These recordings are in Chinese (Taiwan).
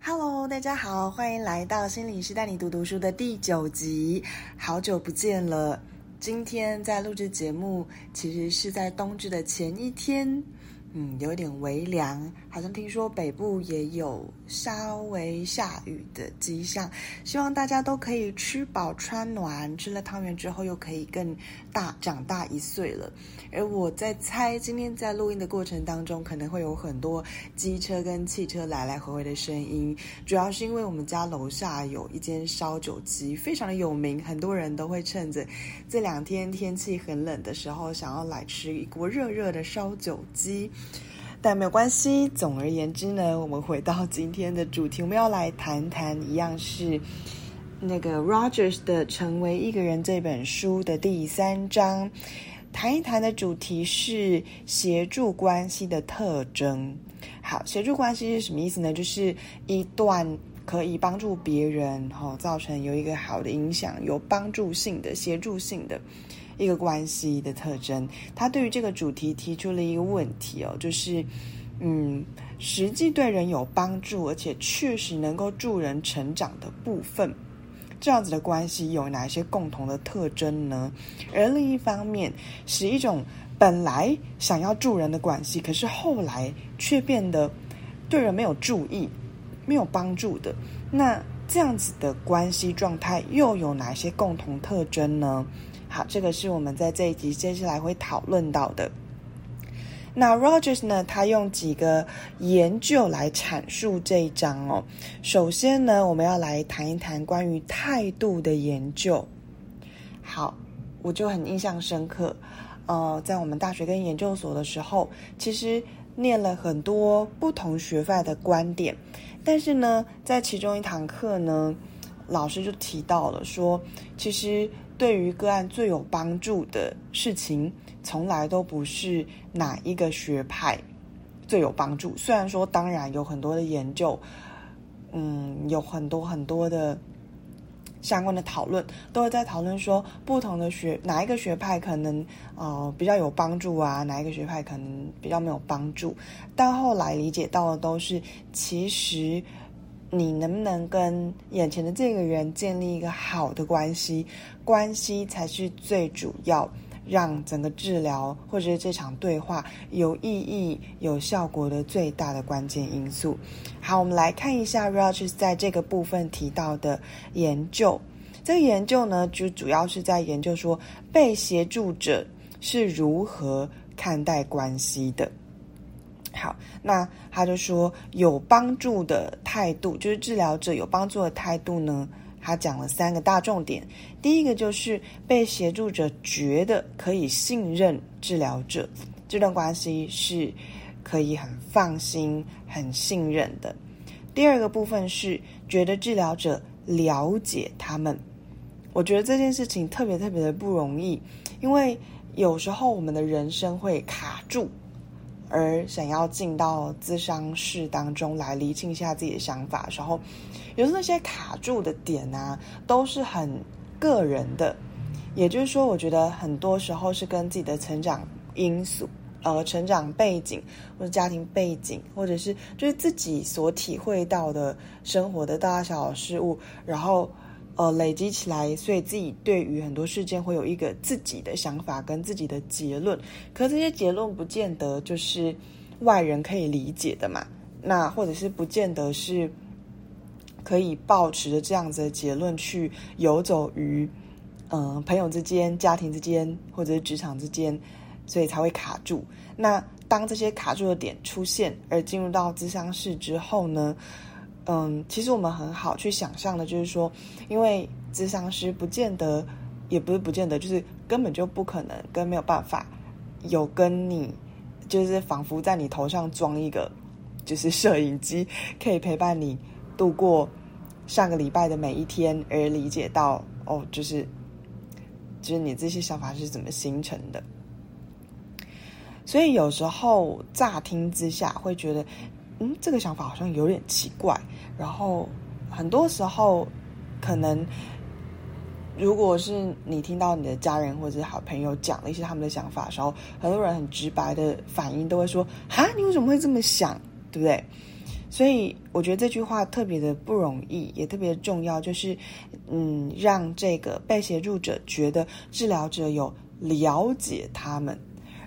Hello，大家好，歡迎來到心理師帶你讀讀書的第九集。好久不見了，今天在錄製節目，其實是在冬至的前一天，嗯，有點微涼。好像聽說北部也有稍微下雨的跡象，希望大家都可以吃飽穿暖，吃了湯圓之後又可以更大長大一歲了。而我在猜，今天在錄音的過程當中，可能會有很多機車跟汽車來來回回的聲音，主要是因為我們家樓下有一間燒酒雞，非常的有名，很多人都會趁着這兩天天氣很冷的時候，想要來吃一鍋熱熱的燒酒雞。那沒有關係。總而言之呢，我們回到今天的主題，我們要來談談一樣是那個 Rogers 的《成為一個人》這本書的第三章，談一談的主題是協助關係的特徵。好，協助關係是什麼意思呢？就是一段可以幫助別人，哈、哦，造成有一個好的影響，有幫助性的、協助性的。一個關係的特徵，他對於這個主題提出了一個問題哦，就是，嗯，實際對人有幫助，而且確實能夠助人成長的部分，這樣子的關係有哪些共同的特徵呢？而另一方面，是一種本來想要助人的關係，可是後來卻變得對人沒有注意、沒有幫助的那。這樣子的關係狀態又有哪些共同特徵呢？好，這個是我們在這一集接下來會討論到的。那 Rogers 呢，他用幾個研究來闡述這一章哦。首先呢，我們要來談一談關於態度的研究。好，我就很印象深刻，呃，在我們大學跟研究所的時候，其實。念了很多不同學派的觀點，但是呢，在其中一堂課呢，老師就提到了說，其實對於個案最有幫助的事情，從來都不是哪一個學派最有幫助。雖然說，當然有很多的研究，嗯，有很多很多的。相關的討論都會在討論說，不同的學哪一個學派可能呃比較有幫助啊，哪一個學派可能比較沒有幫助。但後來理解到的都是，其實你能不能跟眼前的這個人建立一個好的關係，關係才是最主要讓整個治療或者是這場對話有意義、有效果的最大的關鍵因素。好，我們來看一下 Rogers 在這個部分提到的研究。這個研究呢，就主要是在研究說被協助者是如何看待關係的。好，那他就說，有幫助的態度，就是治療者有幫助的態度呢。他講了三個大重點，第一個就是被協助者覺得可以信任治療者，這段關係是可以很放心、很信任的。第二個部分是覺得治療者了解他們，我覺得這件事情特別特別的不容易，因為有時候我們的人生會卡住，而想要進到諮商室當中來釐清一下自己的想法的時候，然後。比如說那些卡住的點啊，都是很個人的，也就是說，我覺得很多時候是跟自己的成長因素、呃，成長背景或者家庭背景，或者是就是自己所體會到的生活的大小事物，然後呃累積起來，所以自己對於很多事件會有一個自己的想法跟自己的結論。可是這些結論不見得就是外人可以理解的嘛，那或者是不見得是。可以抱持着這樣子的結論去遊走於，嗯，朋友之間、家庭之間或者是職場之間，所以才會卡住。那當這些卡住的點出現而進入到諮商室之後呢，嗯，其實我們很好去想象的，就是說，因為諮商師不見得，也不是不見得，就是根本就不可能，跟沒有辦法有跟你，就是仿佛在你頭上裝一個就是攝影機，可以陪伴你度過。上個禮拜的每一天，而理解到哦，就是，就是你這些想法是怎麼形成的。所以有時候乍聽之下會覺得，嗯，這個想法好像有點奇怪。然後很多時候，可能如果是你聽到你的家人或者是好朋友講了一些他們的想法的時候，很多人很直白的反應都會說：“啊，你為什麼會這麼想？對不對？”所以我覺得這句話特別的不容易，也特別重要，就是，嗯，讓這個被協助者覺得治療者有了解他們。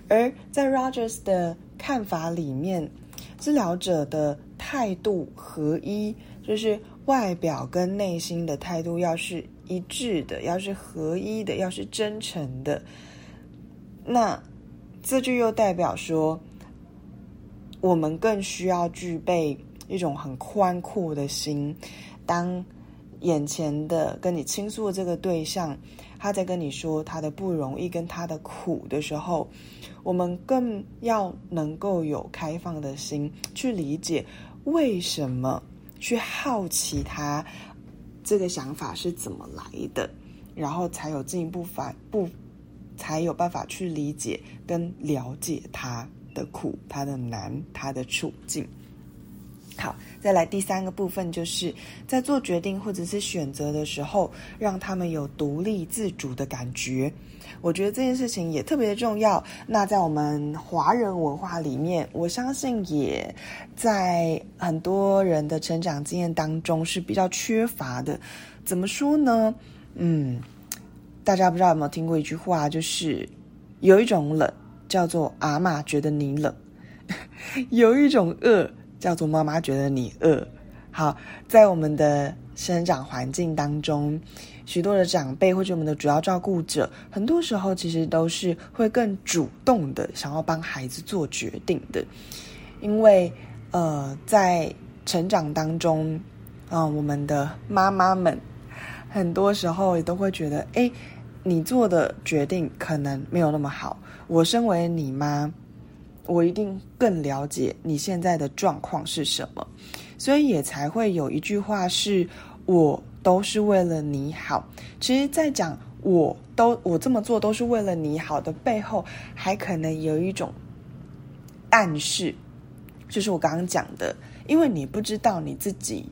而在 Rogers 的看法裡面，治療者的態度合一，就是外表跟內心的態度要是一致的，要是合一的，要是真誠的。那這句又代表說，我們更需要具備。一種很寬闊的心，當眼前的跟你傾訴的這個對象，他在跟你說他的不容易跟他的苦的時候，我們更要能夠有開放的心去理解，為什麼去好奇他這個想法是怎麼來的，然後才有進一步反不才有辦法去理解跟了解他的苦、他的難、他的處境。好，再來第三個部分，就是在做決定或者是選擇的時候，讓他們有獨立自主的感覺。我覺得這件事情也特別的重要。那在我們華人文化裡面，我相信也在很多人的成長經驗當中是比較缺乏的。怎麼說呢？嗯，大家不知道有沒有聽過一句話，就是有一種冷叫做阿嬤覺得你冷， 有一種餓。叫做媽媽覺得你餓。好，在我們的生長環境當中，許多的長輩或者我們的主要照顧者，很多時候其實都是會更主動的想要幫孩子做決定的，因為呃，在成長當中啊、呃，我們的媽媽們很多時候也都會覺得，哎，你做的決定可能沒有那麼好，我身為你媽。我一定更了解你現在的狀況是什麼，所以也才會有一句話是“我都是為了你好”。其實，在講“我都我這麼做都是為了你好”的背後，還可能有一種暗示，就是我剛剛講的，因為你不知道你自己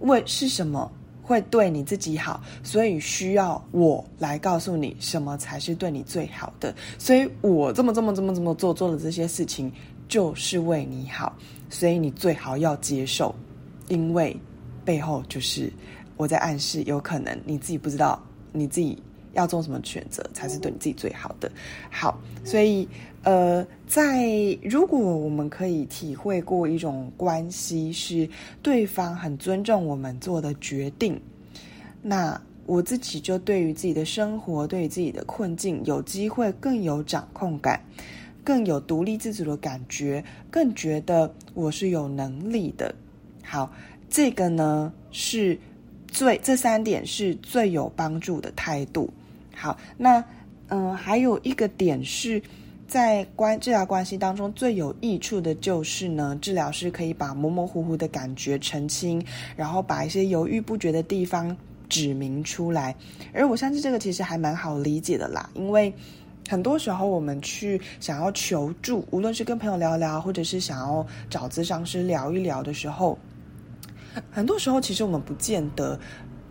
為是什麼。會對你自己好，所以需要我來告訴你什麼才是對你最好的。所以我這麼這麼這麼這麼做做的這些事情，就是為你好。所以你最好要接受，因為背後就是我在暗示，有可能你自己不知道你自己。要做什麼選擇才是對你自己最好的？好，所以呃，在如果我們可以體會過一種關係，是對方很尊重我們做的決定，那我自己就對於自己的生活、對於自己的困境，有機會更有掌控感，更有獨立自主的感覺，更覺得我是有能力的。好，這個呢，是最，這三點是最有幫助的態度。好，那嗯、呃，還有一個點是，在關治療關係當中最有益處的就是呢，治療師可以把模模糊糊的感覺澄清，然後把一些猶豫不決的地方指明出來。而我相信這個其實還蠻好理解的啦，因為很多時候我們去想要求助，無論是跟朋友聊聊，或者是想要找諮商師聊一聊的時候，很多時候其實我們不見得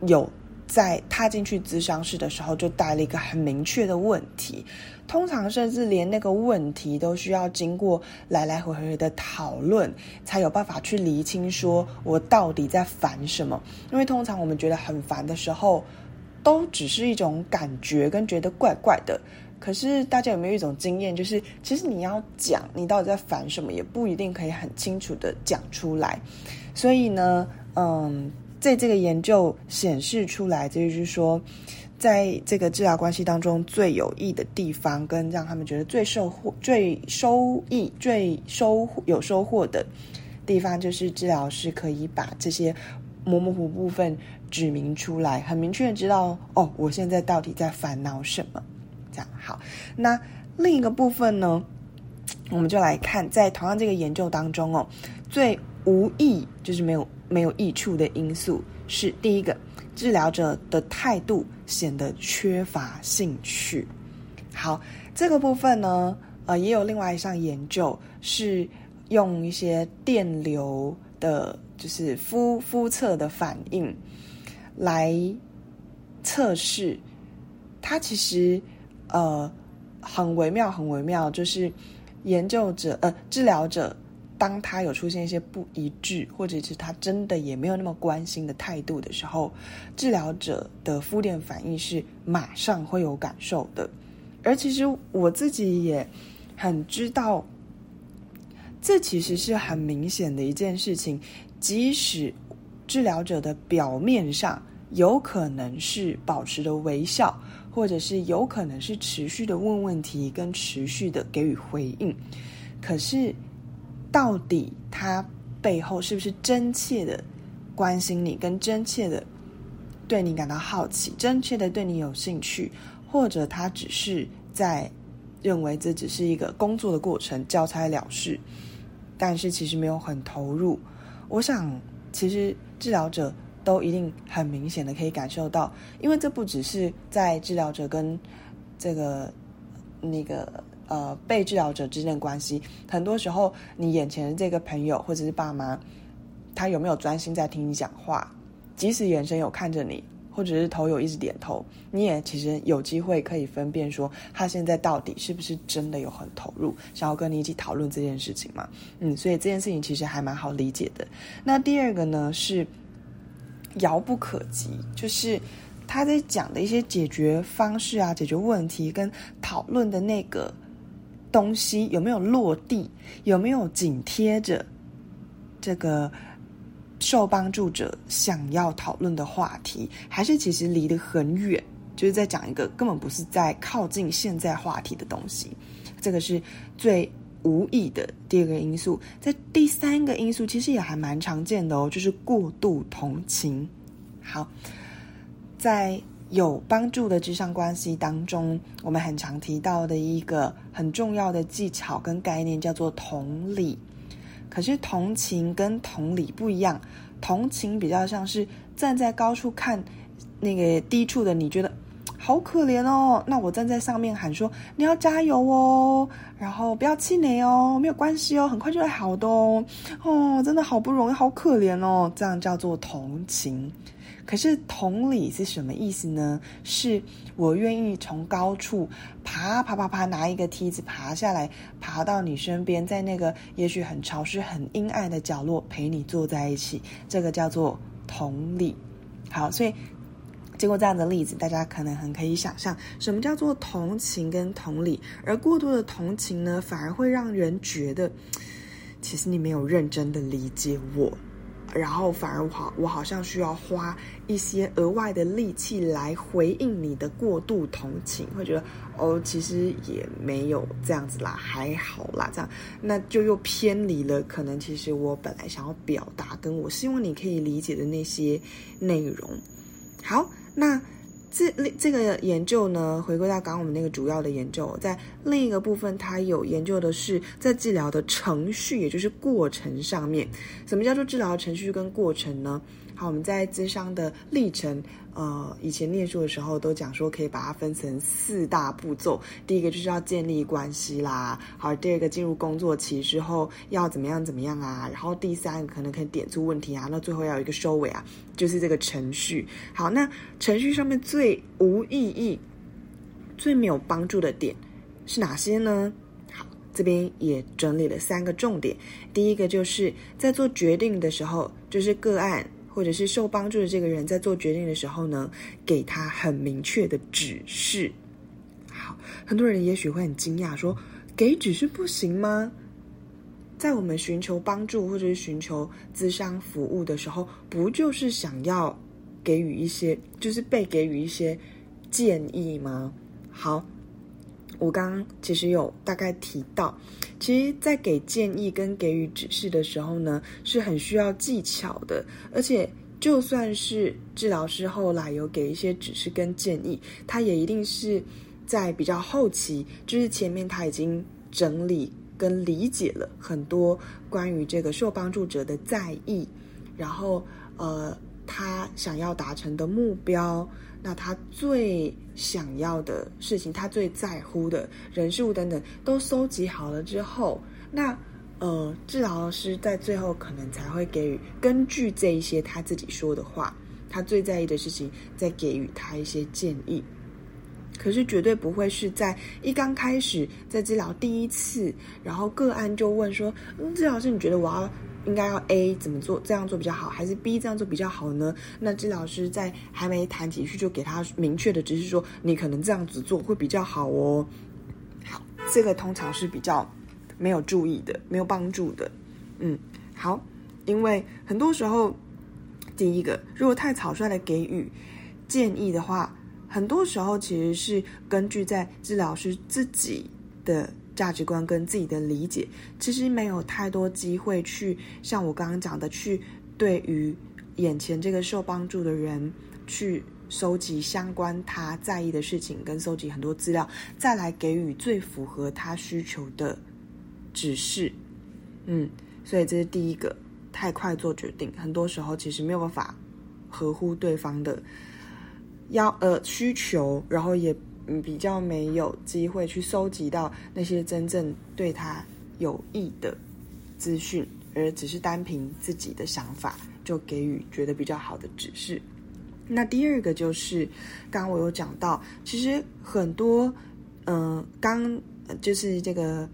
有。在踏進去諮商室的時候，就帶了一個很明確的問題。通常，甚至連那個問題都需要經過來來回回的討論，才有辦法去釐清，說我到底在煩什麼。因為通常我們覺得很煩的時候，都只是一種感覺，跟覺得怪怪的。可是大家有沒有一種經驗，就是其實你要講你到底在煩什麼，也不一定可以很清楚地講出來。所以呢，嗯。在這個研究顯示出來，就是說，在這個治療關係當中最有益的地方，跟讓他們覺得最收穫、最收益、最收有收穫的地方，就是治療師可以把這些模模糊糊部分指明出來，很明確的知道哦，我現在到底在煩惱什麼。這樣好，那另一個部分呢，我們就來看在同樣這個研究當中哦，最無益就是沒有。沒有益處的因素是第一個，治療者的態度顯得缺乏興趣。好，這個部分呢，呃，也有另外一項研究是用一些電流的，就是膚膚測的反應來測試，它其實呃很微妙，很微妙，就是研究者呃治療者。當他有出現一些不一致，或者是他真的也沒有那麼關心的態度的時候，治療者的負面反應是馬上會有感受的。而其實我自己也很知道，這其實是很明顯的一件事情。即使治療者的表面上有可能是保持着微笑，或者是有可能是持續的問問題跟持續的給予回應，可是。到底他背後是不是真切的關心你，跟真切的對你感到好奇，真切的對你有興趣，或者他只是在認為這只是一個工作的過程，交差了事？但是其實沒有很投入。我想，其實治療者都一定很明顯的可以感受到，因為這不只是在治療者跟這個那個。呃，被治療者之間的關係，很多時候，你眼前的這個朋友或者是爸媽，他有沒有專心在聽你講話？即使眼神有看着你，或者是頭有一直點頭，你也其實有機會可以分辨說，他現在到底是不是真的有很投入，想要跟你一起討論這件事情嘛？嗯，所以這件事情其實還蠻好理解的。那第二個呢，是遙不可及，就是他在講的一些解決方式啊，解決問題跟討論的那個。東西有沒有落地？有沒有緊貼着這個受幫助者想要討論的話題？還是其實離得很遠，就是在講一個根本不是在靠近現在話題的東西？這個是最無益的第二個因素。在第三個因素，其實也還蠻常見的哦，就是過度同情。好，在。有幫助的助長關係當中，我們很常提到的一個很重要的技巧跟概念叫做同理。可是，同情跟同理不一樣。同情比較像是站在高處看那個低處的，你覺得好可憐哦。那我站在上面喊說：“你要加油哦，然後不要氣餒哦，沒有關係哦，很快就會好的哦。”哦，真的好不容易，好可憐哦。這樣叫做同情。可是同理是什麼意思呢？是我願意從高處爬爬爬爬爬，拿一個梯子爬下來，爬到你身邊，在那個也許很潮濕、很陰暗的角落，陪你坐在一起。這個叫做同理。好，所以經過這樣的例子，大家可能很可以想象，什麼叫做同情跟同理。而過度的同情呢，反而會讓人覺得，其實你沒有認真的理解我。然後反而我好，我好像需要花一些額外的力氣來回應你的過度同情，會覺得哦，其實也沒有這樣子啦，還好啦，這樣，那就又偏離了。可能其實我本來想要表達，跟我希望你可以理解的那些內容。好，那。這另這個研究呢，回歸到剛剛我們那個主要的研究，在另一個部分，它有研究的是在治療的程序，也就是過程上面。什麼叫做治療的程序跟過程呢？好，我們在諮商的歷程，呃，以前念書的時候都講說可以把它分成四大步驟。第一個就是要建立關係啦。好，第二個進入工作期之後要怎麼樣怎麼樣啊？然後第三個可能可以點出問題啊。那最後要有一個收尾啊，就是這個程序。好，那程序上面最無意義、最沒有幫助的點是哪些呢？好，這邊也整理了三個重點。第一個就是在做決定的時候，就是個案。或者是受幫助的這個人，在做決定的時候呢，給他很明確的指示。好，很多人也許會很驚訝說，說給指示不行嗎？在我們尋求幫助或者是尋求諮商服務的時候，不就是想要給予一些，就是被給予一些建議嗎？好。我剛剛其實有大概提到，其實，在給建議跟給予指示的時候呢，是很需要技巧的。而且，就算是治療師後來有給一些指示跟建議，他也一定是在比較後期，就是前面他已經整理跟理解了很多關於這個受幫助者的在意，然後，呃，他想要達成的目標。那他最想要的事情，他最在乎的人事物等等，都收集好了之後，那呃，治療師在最後可能才會給予根據這一些他自己說的話，他最在意的事情，再給予他一些建議。可是絕對不會是在一剛開始在治療第一次，然後個案就問說：“嗯，治療師，你覺得我要……”應該要 A 怎麼做？這樣做比較好，還是 B 這樣做比較好呢？那治療師在還沒談幾句，就給他明確的指示說，你可能這樣子做會比較好哦。好，這個通常是比較沒有注意的，沒有幫助的。嗯，好，因為很多時候，第一個如果太草率的給予建議的話，很多時候其實是根據在治療師自己的。價值觀跟自己的理解，其實沒有太多機會去像我剛剛講的，去對於眼前這個受幫助的人去收集相關他在意的事情，跟收集很多資料，再來給予最符合他需求的指示。嗯，所以這是第一個，太快做決定，很多時候其實沒有辦法合乎對方的要，呃，需求，然後也。嗯，比較沒有機會去收集到那些真正對他有益的資訊，而只是單憑自己的想法就給予覺得比較好的指示。那第二個就是，剛剛我有講到，其實很多嗯、呃，剛就是這個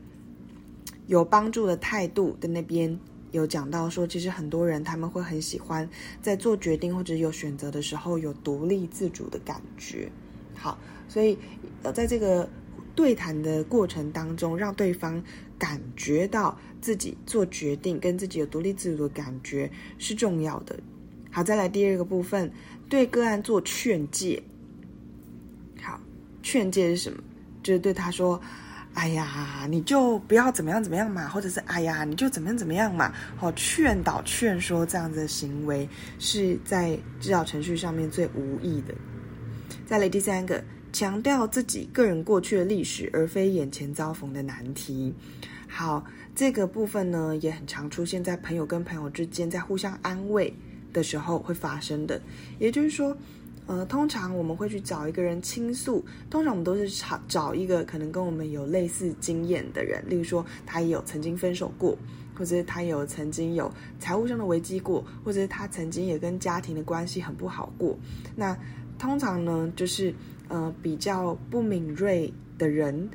有幫助的態度的那邊有講到說，其實很多人他們會很喜歡在做決定或者有選擇的時候有獨立自主的感覺。好，所以呃，在這個對談的過程當中，讓對方感覺到自己做決定跟自己有獨立自主的感覺是重要的。好，再來第二個部分，對個案做勸誡。好，勸誡是什麼？就是對他說：“哎呀，你就不要怎麼樣怎麼樣嘛，或者是哎呀，你就怎麼樣怎麼樣嘛。”好，勸導、勸說這樣子的行為是在指導程序上面最無益的。再來第三個，強調自己個人過去的歷史，而非眼前遭逢的難題。好，這個部分呢，也很常出現在朋友跟朋友之間在互相安慰的時候會發生的。也就是說，呃，通常我們會去找一個人傾訴，通常我們都是找找一個可能跟我們有類似經驗的人，例如說他也有曾經分手過，或者是他有曾經有財務上的危機過，或者是他曾經也跟家庭的關係很不好過。那通常呢，就是，呃，比較不敏銳的人，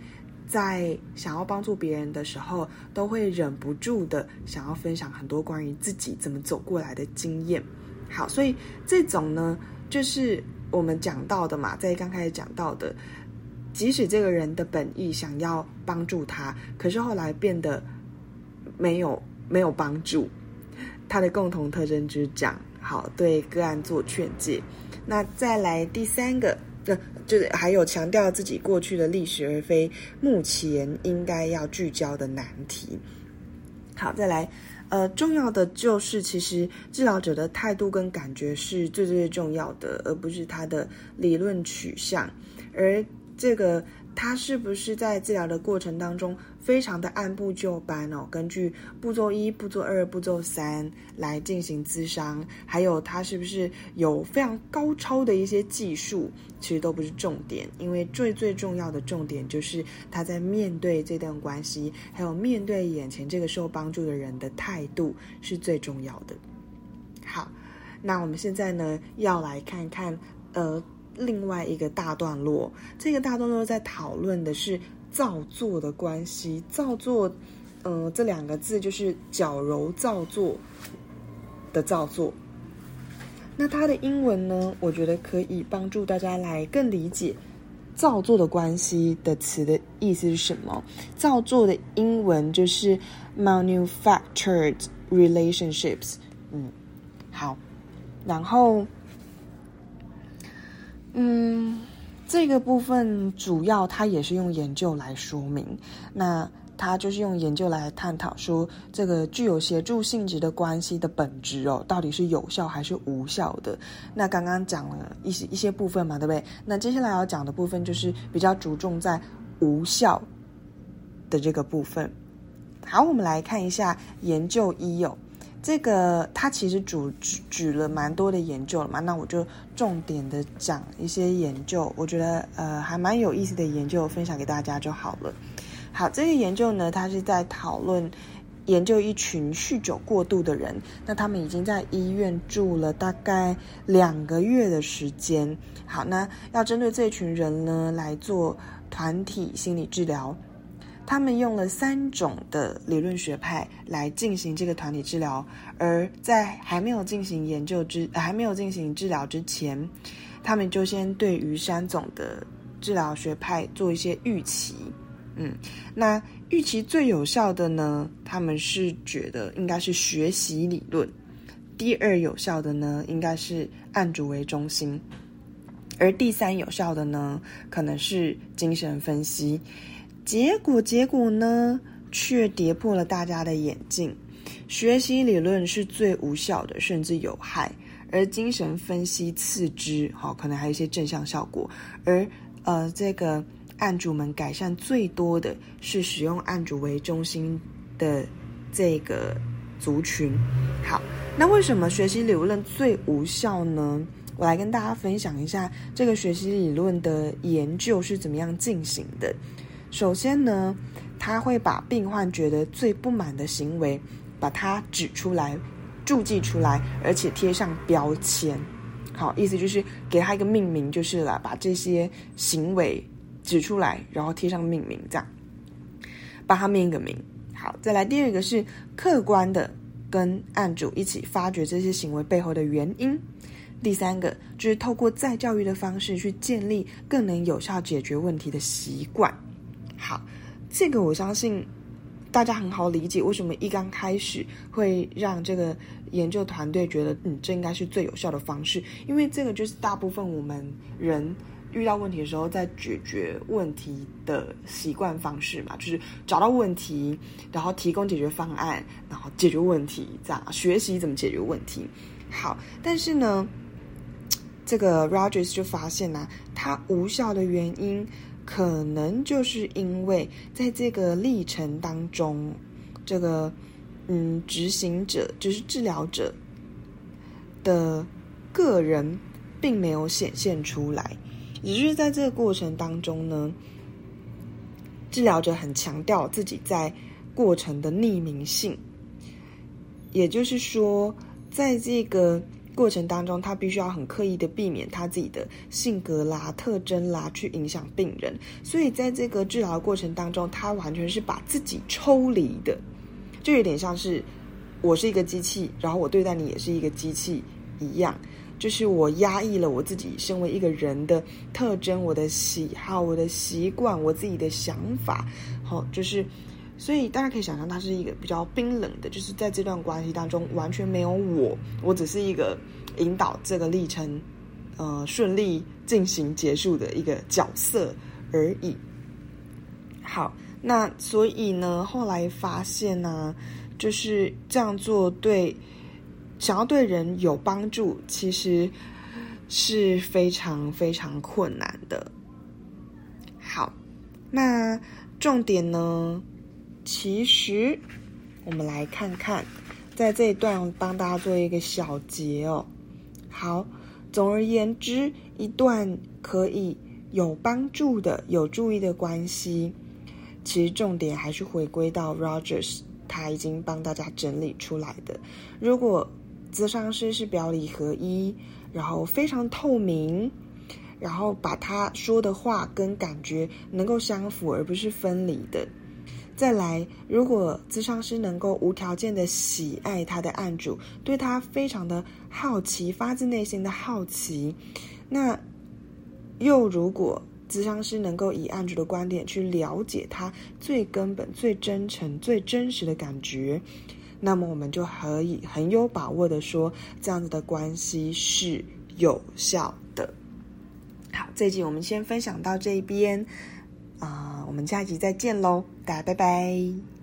在想要幫助別人的時候，都會忍不住的想要分享很多關於自己怎麼走過來的經驗。好，所以這種呢，就是我們講到的嘛，在剛開始講到的，即使這個人的本意想要幫助他，可是後來變得沒有沒有幫助。他的共同特徵就是講好對個案做勸誡。那再來第三個，呃、就是還有強調自己過去的歷史，而非目前應該要聚焦的難題。好，再來，呃，重要的就是，其實治療者的態度跟感覺是最最最重要的，而不是他的理論取向，而這個。他是不是在治療的過程當中非常的按部就班哦？根據步驟一、步驟二、步驟三來進行諮商，還有他是不是有非常高超的一些技術？其實都不是重點，因為最最重要的重點就是他在面對這段關係，還有面對眼前這個受幫助的人的態度是最重要的。好，那我們現在呢要來看看，呃。另外一個大段落，這個大段落在討論的是造作的關係。造作，嗯、呃，這兩個字就是矯揉造作的造作。那它的英文呢？我覺得可以幫助大家來更理解造作的關係的詞的意思是什麼。造作的英文就是 manufactured relationships。嗯，好，然後。嗯，這個部分主要他也是用研究來說明，那他就是用研究來探討說這個具有協助性質的關係的本質哦，到底是有效還是無效的。那剛剛講了一些一些部分嘛，對不對？那接下來要講的部分就是比較着重在無效的這個部分。好，我們來看一下研究已有，這個他其實主舉舉了蠻多的研究了嘛，那我就重點的講一些研究，我覺得呃還蠻有意思的研究，分享給大家就好了。好，這個研究呢，他是在討論研究一群酗酒過度的人，那他們已經在醫院住了大概兩個月的時間。好，那要針對這群人呢，來做團體心理治療。他們用了三種的理論學派來進行這個團體治療，而在還沒有進行研究之、還沒有進行治療之前，他們就先對於三種的治療學派做一些預期。嗯，那預期最有效的呢，他們是覺得應該是學習理論；第二有效的呢，應該是案主為中心；而第三有效的呢，可能是精神分析。結果，結果呢，卻跌破了大家的眼鏡。學習理論是最無效的，甚至有害，而精神分析次之，好，可能還有一些正向效果。而呃，這個案主們改善最多的是使用案主為中心的這個族群。好，那為什麼學習理論最無效呢？我來跟大家分享一下這個學習理論的研究是怎麼樣進行的。首先呢，他會把病患覺得最不滿的行為，把它指出來，注記出來，而且貼上標籤。好，意思就是給他一個命名，就是了，把這些行為指出來，然後貼上命名，這樣，幫他命一個名。好，再來第二個是客觀的跟案主一起發掘這些行為背後的原因。第三個就是透過再教育的方式去建立更能有效解決問題的習慣。好，這個我相信大家很好理解。為什麼一剛開始會讓這個研究團隊覺得，嗯，這應該是最有效的方式？因為這個就是大部分我們人遇到問題的時候，在解決問題的習慣方式嘛，就是找到問題，然後提供解決方案，然後解決問題，咋、啊、學習怎麼解決問題。好，但是呢，這個 Rogers 就發現呢、啊、它無效的原因。可能就是因為在這個歷程當中，這個嗯，執行者就是治療者的個人，並沒有顯現出來，也就是在這個過程當中呢，治療者很強調自己在過程的匿名性，也就是說，在這個。過程當中，他必須要很刻意的避免他自己的性格啦、特徵啦，去影響病人。所以在這個治療的過程當中，他完全是把自己抽離的，就有點像是我是一個機器，然後我對待你也是一個機器一樣，就是我壓抑了我自己身為一個人的特徵、我的喜好、我的習慣、我自己的想法，好、哦，就是。所以大家可以想象，他是一個比較冰冷的，就是在這段關係當中完全沒有我，我只是一個引導這個歷程，呃，順利進行結束的一個角色而已。好，那所以呢，後來發現呢、啊，就是這樣做對想要對人有幫助，其實是非常非常困難的。好，那重點呢？其實，我們來看看，在這一段我幫大家做一個小結哦。好，總而言之，一段可以有幫助的、有助益的關係，其實重點還是回歸到 Rogers，他已經幫大家整理出來的。如果諮商師是表裡合一，然後非常透明，然後把他說的話跟感覺能夠相符，而不是分離的。再來，如果諮商師能夠無條件的喜愛他的案主，對他非常的好奇，發自內心的好奇，那又如果諮商師能夠以案主的觀點去了解他最根本、最真誠、最真實的感覺，那麼我們就可以很有把握的說，這樣子的關係是有效的。好，這集我們先分享到這一邊。啊，我們下一集再見嘍，大家拜拜。